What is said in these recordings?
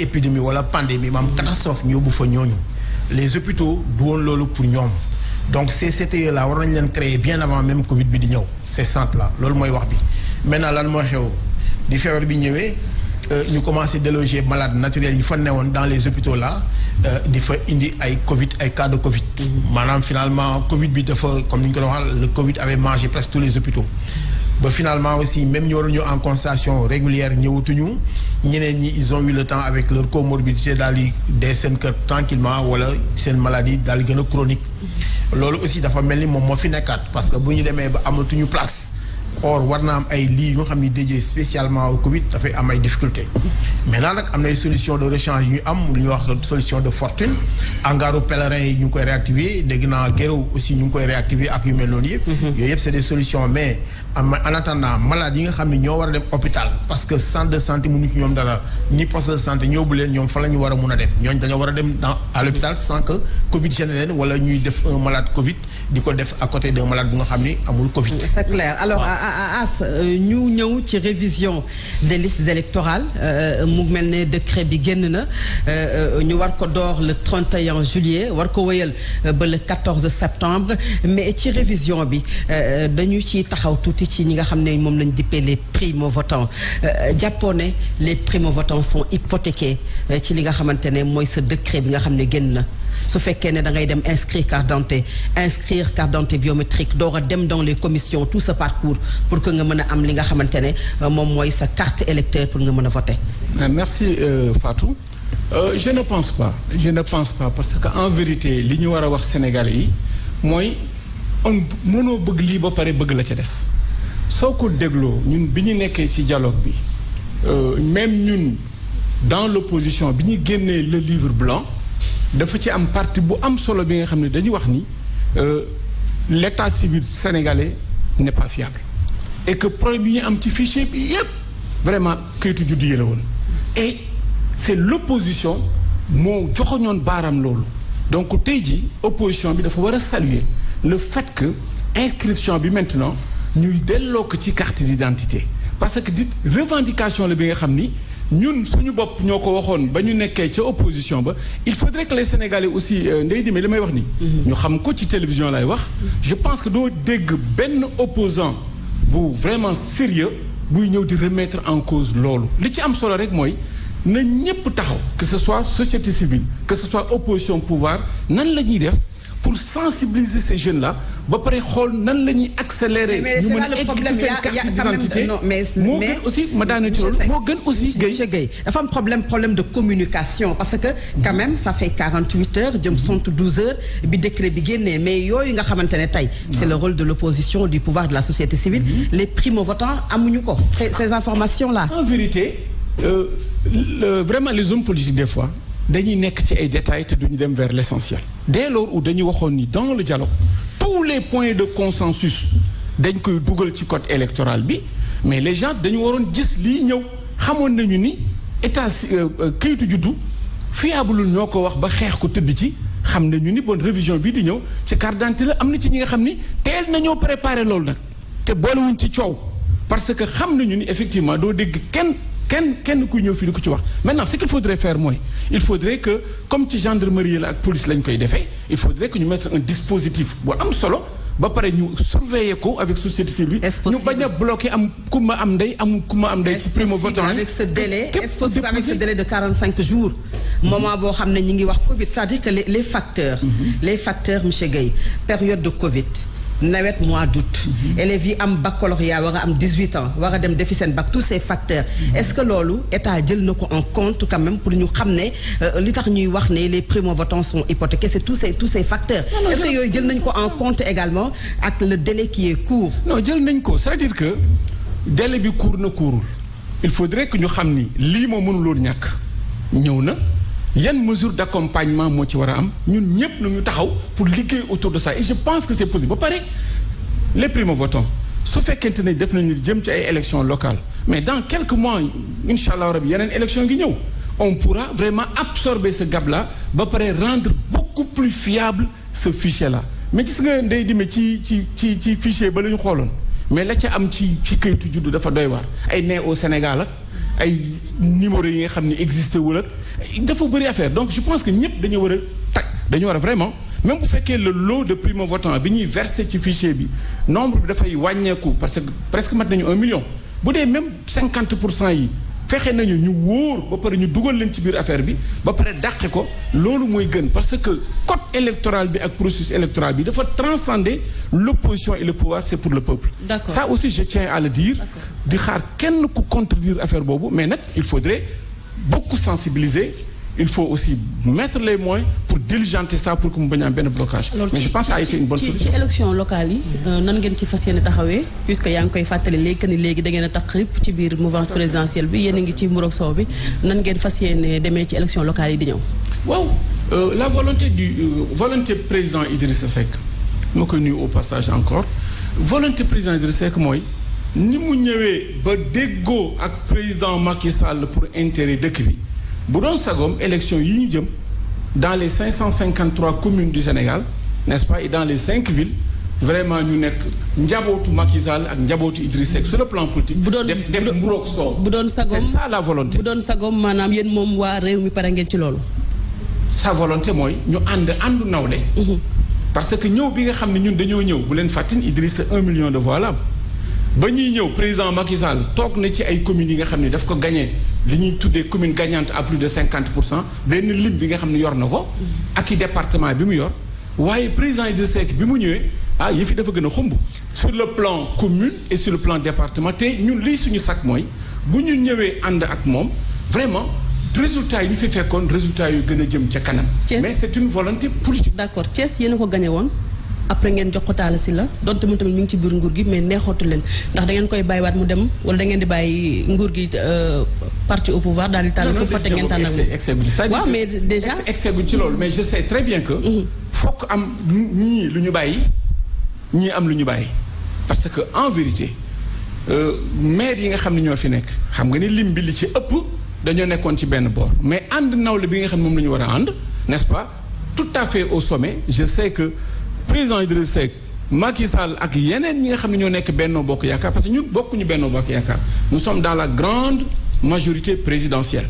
épidémie wala pandémie maam catastrophe ñu yóbbu fa ñooñu les hôpitaux du woon loolu pour ñoom donc ces CTE là war nañ leen créer bien avant même Covid bi di ñëw ces centres la loolu mooy wax bi maintenant lan moo xew di feebar bi ñëwee euh, ñu commencé déloger malades naturels yi fa woon dans les hôpitaux la euh, di fa indi ay Covid ay cas de Covid mm-hmm. maanaam finalement Covid bi dafa comme ni ñu ko doon waxal le Covid avait mangé presque tous les hôpitaux ba finalement aussi même ñu waruñu en constatation régulière ñëwatuñu ñeneen ñi ils ont le temps avec leur comorbidité daal di dee seen kër tranquillement wala seen maladie daal di gën a chronique loolu aussi dafa mel ni moom moo fi nekkaat parce que bu ñu demee ba amatuñu place or war na am ay lii yu xam ni dédié spécialement au Covid dafay am ay difficulté maintenant nag am nay solution de rechange yu am lu ñuy wax solution de fortune angaaru pèlerin yi ñu ngi koy réactiver dégg naa géréw aussi ñu ngi koy réactiver ak yu mel noonu yëpp mhm. yooyu yëpp c'est des mais en attendant malade yi nga xam ne ñoo war a dem hôpital parce que centre de santé mënu ci ñoom dara ñi poste de santé ñoo bu leen ñoom fa la ñu war a mun a dem ñooñ dañoo war a dem dans à l'hôpital sans que Covid gêne leen wala ñuy def un malade Covid di ko def à côté d'un malade bu nga xam ni amul Covid. c'est clair alors as euh, ñu ñëw ci révision des listes électorales euh, mu mel ne décret bi génn na euh, ñu war ko door le 31 juillet war ko wëyal ba le 14 septembre mais ci révision bi dañu ciy taxaw tuuti. ci ñi nga xam ne moom lañ dippee les primo votants euh, euh, jàppoo ne les primo votants sont hypothéqués euh, ci li nga xamante ne mooy sa décret bi nga xam ne génn na su fekkee ne da ngay dem inscrire carte d'identité inscrire carte d'identité biométrique door a dem dans les commissions tout ce parcours pour que nga mën a am li nga xamante ne moom mooy sa carte électeur pour nga mën a voter merci Fatou Euh, je ne pense pas je ne pense pas parce que en vérité li ñu war a wax Sénégalais yi mooy on mënoo bëgg lii ba pare bëgg la ca des soo ko dégloo ñun bi ñu nekkee ci dialogue bi euh, même ñun dans l'opposition bi ñu génnee le livre blanc dafa ci am parti bu am solo bi nga xam ne dañu wax ni euh, l'état civil sénégalais n'est pas fiable et que problème bi ñu am ci fichier bi yépp vraiment kayitu juddu yi la woon et c'est l'opposition moo joxoñoon baaram loolu donc tey ji opposition bi dafa war a saluer le fait que inscription bi maintenant ñuy delloo ko ci carte d'identité parce que dit revendication la bi nga xam ni ñun suñu bopp ñoo ko waxoon ba ñu nekkee ca opposition ba il faudrait que les sénégalais aussi euh, ndey dime li may wax ni mhm. ñu xam ko ci télévision lay wax je pense que doo dégg benn opposant bu vraiment sérieux buy ñëw di remettre en cause loolu li ci am solo rek mooy na ñépp taxaw que ce soit société civile que ce soit opposition pouvoir nan la ñuy def pour sensibiliser ces jeunes ba pare xool nan la ñu mën a egg ci seen carte d'identité mais moo gën aussi ma gën aussi Guèye. am problème problème de communication parce que quand mhm. même ça fait 48 heures mhm. sont 12 heures bi décret bi mais yooyu nga xamante ne tey. c'est ah. le rôle de l'opposition du pouvoir de la société civile. Mhm. les primo-votants amuñu ko. ces informations là. en vérité euh, vraiment les hommes politiques des dañuy nekk ci ay détails te duñu dem vers l'essentiel dès lors dañu waxoon ni dans le jalo tous les points de consensus dañ koy dugal ci code électoral bi mais les gens dañu waroon gis lii ñëw xamoon nañu ni état euh, kayitu juddu fiable ñoo ko wax ba xeex ko tëdd ci xam nañu ni bon révision bii di ñëw ci carte la am na ci ñi nga xam ni teel nañoo préparer loolu nag te boolewuñ ci coow parce que xam nañu ni effectivement doo dégg kenn kenn kenn kuy ñëw fii di ko ci wax maintenant ce qu'il faudrait faire mooy il faudrait que comme ci gendarmerie la ak police lañ koy defee il faudrait que ñu mettre un dispositif bu am solo ba pare ñu surveiller ko avec société civile ñu bañ a bloqué am ku ma am ndey am ku ma am ndey ci primo votant avec ce délai est-ce possible avec délai de 45 jours mm-hmm. moment boo xam ne ñu ngi wax Covid c'est-à-dire que les facteurs mm-hmm. les facteurs monsieur Guèye période de nawet mois d'août mhm. élèves yi am baccalauréat war am dix-huit ans war a dem defi seen bac tous ces facteurs mhm. est-ce que loolu état jël na ko en compte quand même pour ñu xam ne euh, li tax ñuy wax ne les primo-votants sont hypothéqués c'est tous ces tous ces facteurs est-ce que yooyu jël nañ ko en compte également ak le délai qui est court non jël nañ ko c'est-à-dire que délai bi court na courul il faut faudrait que ñu xam ni lii moo mënuloon ñàkk ñëw na yan mesure d' accompagnement moo ci war a am ñun ñëpp lu ñu taxaw pour liggéey autour de ça et je pense que c' est ba pare les primo-votants su fekkente ne def nañu jëm ci ay élections locale mais dans quelque mois incha allah rabi yeneen élection ngi ñëw on pour pourra vraiment absorber ce gap la ba pare rendre beaucoup plus fiable sa fichier la mais gis nga ndey dime ci ci ci ci fichier ba la ñu xooloon mais la ca am ci ci kayitu juddu dafa doy waar ay né au Sénégal ay numéro yi nga xam ne existé wul dafa bëri affaire donc je pense que ñëpp dañu war a tag dañu war a vraiment même bu fekkee le lot de primo votant bi ñuy versé ci fichier bi nombre bi dafay wàññeeku parce que presque mat nañu un million bu dee même cinquante pour cent yi fexe nañu ñu wóor ba pare ñu dugal leen ci biir affaire bi ba pare dàqe ko loolu mooy gën parce que code électoral bi ak processus électoral bi dafa transcender l'opposition et le pouvoir c'est pour le peuple ça aussi je tiens à le dire di xaar kenn ku contredire affaire boobu mais nag il faudrait beaucoup sensibilisé il faut aussi mettre les moyens pour diligenter ça pour que mu bañ a benn blocage. mais je pense que c'est une bonne solution. ci élection locale yi. Euh, nan ngeen ci fas yéene taxawee. puisque yaa ngi koy fàttali léegi que ni léegi da ngeen a tax rip ci biir mouvance présidentielle bi yéen a ngi ci mburoog soow bi nan ngeen fas yéene demee ci élection locale yi di ñëw. waaw euh, la volonté du euh, volonté président Idrissa Seck ma koy nuyu au passage encore volonté mooy. ni mu ñëwee ba déggoo ak président Macky Sall pour intérêt dëkk bi bu doon sagoom élection yi ñu jëm dans les 553 communes du Sénégal n'est-ce dans les cinq villes vraiment ñu nekk njabootu Macky Sall ak njabootu idris Seck sur le plan politique. bu doon def def mburoog soow. bu doon sagoom c'est ça la volonté. bu doon sagoom maanaam yéen moom waa réew mi pare ngeen ci loolu. sa volonté mooy ñu ànd àndu nawle. Mhm. parce que ñëw bi nga xam ne ñun dañoo ñëw bu leen fàttin Idriss un million de voix ba ñuy ñëw président Macky toog na ci ay communes yi nga xam ne daf ko gagné li ñuy tuddee commune gagnante à plus de cinquante pour cent benn lim bi nga xam ni yor na ko. ak i département bi mu yor waaye président Idrissa Seck bi mu ñëwee ah yëf yi dafa gën a xumb. sur le plan commune et sur le plan département te ñun lii suñu sakk mooy bu ñu ñëwee ànd ak moom vraiment. résultat yi ñu fi fekkoon résultat yu gën a jëm ca kanam. mais c'est une volonté politique. d'accord Thiès yéen ko gagné woon. après ngeen jox ko Talla Sylla donte moom tamit mi ngi ci biir nguur gi mais neexootu leen ndax da ngeen koy bàyyiwaat mu dem wala da ngeen di bàyyi nguur gi euh, parti au pouvoir daal di tànn ku fàtte ngeen tànnal waaw mais déjà excès guñ ci loolu mais je sais très bien mhm. am ñii lu ñu bàyyi ñii am lu ñu bàyyi parce que en vérité euh, maire yi nga xam ne ñoo fi nekk xam nga ni lim bi li ci ëpp dañoo nekkoon ci benn boor mais ànd nawle bi nga xam ne moom la ñu war a ànd n'est-ce pas tout à fait au sommet je sais que président Idrissa Seck Macky Sall ak yeneen ñi nga xam ne ñoo nekk Benno Bokk Yaakaar parce que ñun bokkuñu Benno Bokk Yaakaar mu sommes dans la grande majorité présidentielle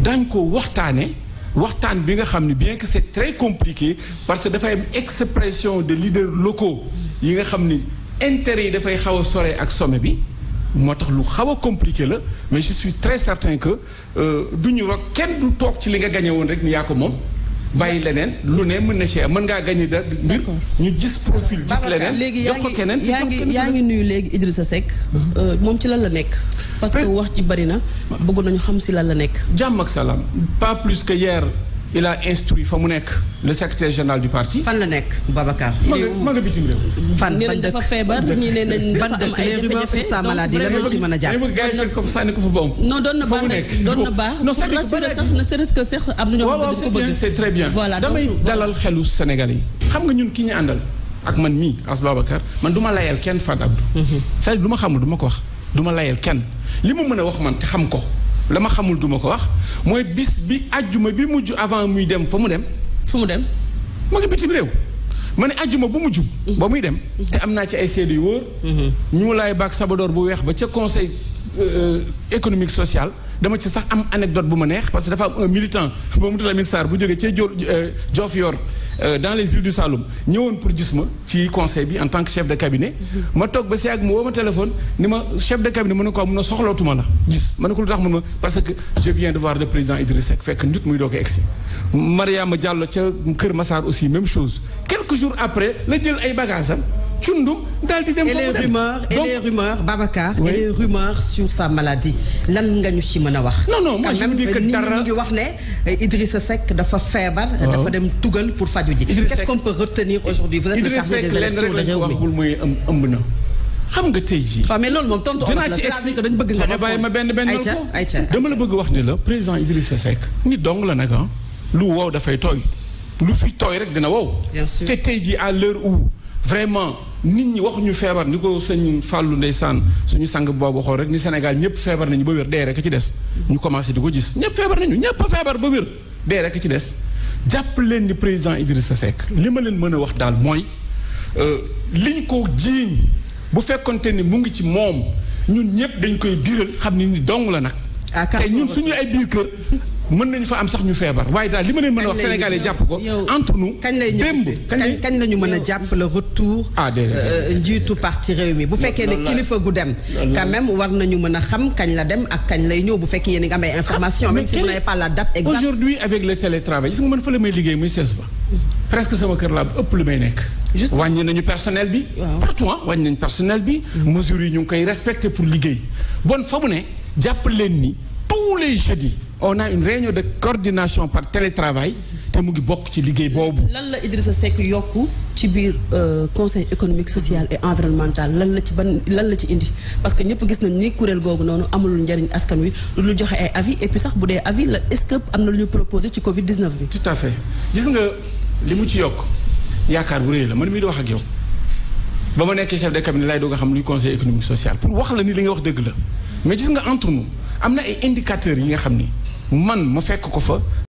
dañ ko waxtaane waxtaan bi nga xam ne bien que c'est très compliqué parce que dafay am expression de leaders locaux yi nga xam ni intérêt yi dafay xaw a sore ak sommet bi moo tax lu xaw a compliqué la mais je suis très certain que euh, ñu wax kenn du toog ci li nga gañe woon rek ni yaa ko moom bàyyi leneen lu ne mën na cee mën ngaa gagné da mbir ñu gis profil gis leneen léegi jox ko yaa ngi yaa ngi nuyu léegi Idrissa Seck euh, moom ci lan la nekk parce que wax ci bari na bëgg nañu xam si lan la nekk jàmm ak salaam pas plus que hier il a instruit fa mu nekk le secrétaire général du parti. fan la nekk Babacar. ma nga ma nga bitim réew. fan ban dafa feebar ñii nee nañ dafa am ay jafe-jafe a jàpp. comme ko fa ba non doon na baax nag doon na baax. non na ñoo xam ne ko bëgg. c'est très damay dalal xelu Sénégalais yi. xam nga ñun ki ñu àndal ak man mii as Babacar man duma ma layal kenn Fadab. Mhm. c'est-à-dire duma ma xamul du ko wax du ma layal kenn li ma mën a wax man te xam ko la xamul duma ko wax mooy bis bi ajjuma bi mujju avant muy dem fa mu dem. fu mu dem. ma ngi bitim réew. ma ne ajjuma bu mujj. Mhm. ba muy dem. te am naa ci ay seede yu wóor. Mhm. ñu mu laay baag sabadoor bu weex ba ca conseil euh, économique social dama ci sax am anecdote bu ma neex parce que dafa am un militant moom tamit Sarr bu jógee ca Dior euh, Diofior Euh, dans les îles du Saloum ñëwoon pour gis ma ci conseil bi en tant que chef de cabinet ma toog ba si ak mu woo ma téléphone ni ma chef de cabinet mën na koo mun na soxlootuma la gis ma ne ko lu tax mun ma parce que je viens de voir le président Idriss Seck fekk nit muy doo doog a egsi ma Diallo ca Kër Massar aussi même chose quelques jours après la jël ay bagaasam cundum daal di dem. et les rumeurs et les rumeurs Babacar. et les rumeurs sur sa nga ñu ci mën a wax. Eh, ah. dem na. xam nga tey jii. la c'est-à-dire que dañu bëgg nga. bàyyi ma benn benn dama la bëgg wax ni la président Idrissa Seck. nit dong la nag ah. lu wow dafay tooy lu fi tooy rek dina wow. te tey jii à l'heure où vraiment. nit ñi waxuñu feebar ni ko sëñ ndey saan suñu sang boobu xool rek ni Sénégal ñëpp feebar nañu ba wér dee rek a ci des. ñu commencé di ko gis ñëpp feebar nañu ñëpp a feebar ba wér dee rek a ci des jàpp leen ni président sa Seck li ma leen mën a wax daal mooy euh, liñ ko jiiñ bu fekkonte ni mu ngi ci moom ñun ñëpp dañ koy biral xam ni ni dong la nag. Ah, te ñun suñu ay biir kër mën nañu fa am sax ñu feebar waaye daal li ma leen mën a wax sénégalais jàpp ko entre nous kañ lay ñëw ñu mën a jàpp le retour ah déedéet euh, njiitu parti réew mi bu fekkee ne kilifa gu dem quand même war nañu mën a xam kañ la dem ak kañ lay ñëw bu fekkee yéen a ngi am ay information même si vous n'avez pas la date nga may liggéey muy sees ba presque sama kër laa ëpp lu may nañu personnel bi partout ah nañu personnel bi mm-hmm. mesures yi ñu ngi koy respecté pour liggéey bon fa mu ne jàpp leen ni tous les jeudis on a une réunion de coordination par télétravail te mu ngi bokk ci liggéey boobu. lan la Idrissa Seck yokku ci biir euh, conseil économique social et environnemental lan la ci ban lan la ci indi parce que ñëpp gis nañ ni kuréel googu noonu amul njariñ askan wi lu joxe ay avis et sax bu dee avis la est-ce que am na lu ñu proposé ci Covid 19 bi. tout à fait gis nga li mu ci yokk yaakaar bu rëy la man mii di wax ak chef de cabinet laay doog a xam luy conseil économique social pour wax la wax dëgg la mais gis entre nous. am na ay indicateurs yi nga xam ni man ma fekk ko fa